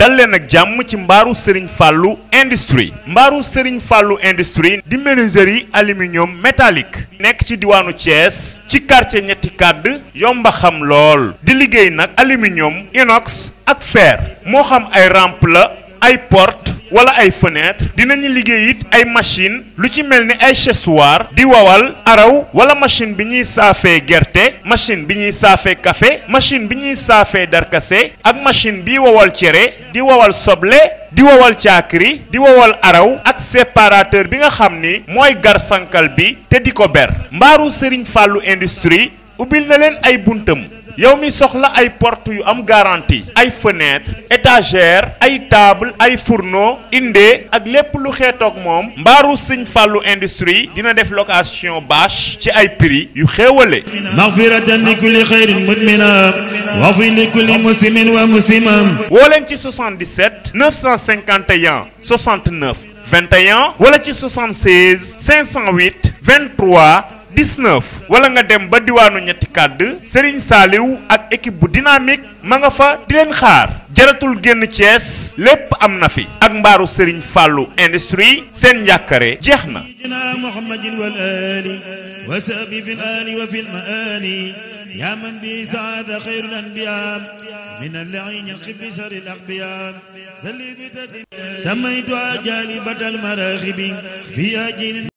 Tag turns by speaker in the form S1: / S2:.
S1: dal leen ak jàmm ci mbaaru Serigne fàllu industrie mbaaru Serigne fàllu industrie di menuiserie aluminium métallique nekk ci diwaanu Thiès ci quartier ñetti kàdd yomba xam lool di liggéey nag aluminium inox ak fer moo xam ay rampe la ay porte wala ay fenêtre dinañu liggéey it ay machine lu ci mel ni ay chessoir di wawal araw wala machine bi ñuy saafee gerte machine bi ñuy saafee kafe machine bi ñuy saafee darkase ak machine bi wawal cere di wawal soble di wowal caakiri di wowal araw ak séparateur bi nga xam ni mooy gar sankal bi te di ko ber mbaaru Serigne Fallou industrie ubbil na leen ay buntam yow mi soxla ay porte yu am garantie ay fenêtre étagère ay table ay fourneau indee ak lépp lu xeetoog moom mbaaru Sëñ fallu industrie dina def location bâche ci ay prix yu xéewale maxfiratan li kulli xayrin mutmina wa fi li muslimin wa muslimam woo leen ci 77 951 69 21 wala ci 76 508 23 19 wala nga dem ba diwanu ñetti kaddu Serigne saliw ak équipe bu dynamique ma nga fa di len xaar jaratul genn ties lepp am na fi ak mbaru Serigne Fallou industrie seen njàkkare jeex na
S2: يا من باستعاذ خير الانبياء من اللعين الخب شر الاقبياء سلي سميت جالبة المراغب في اجل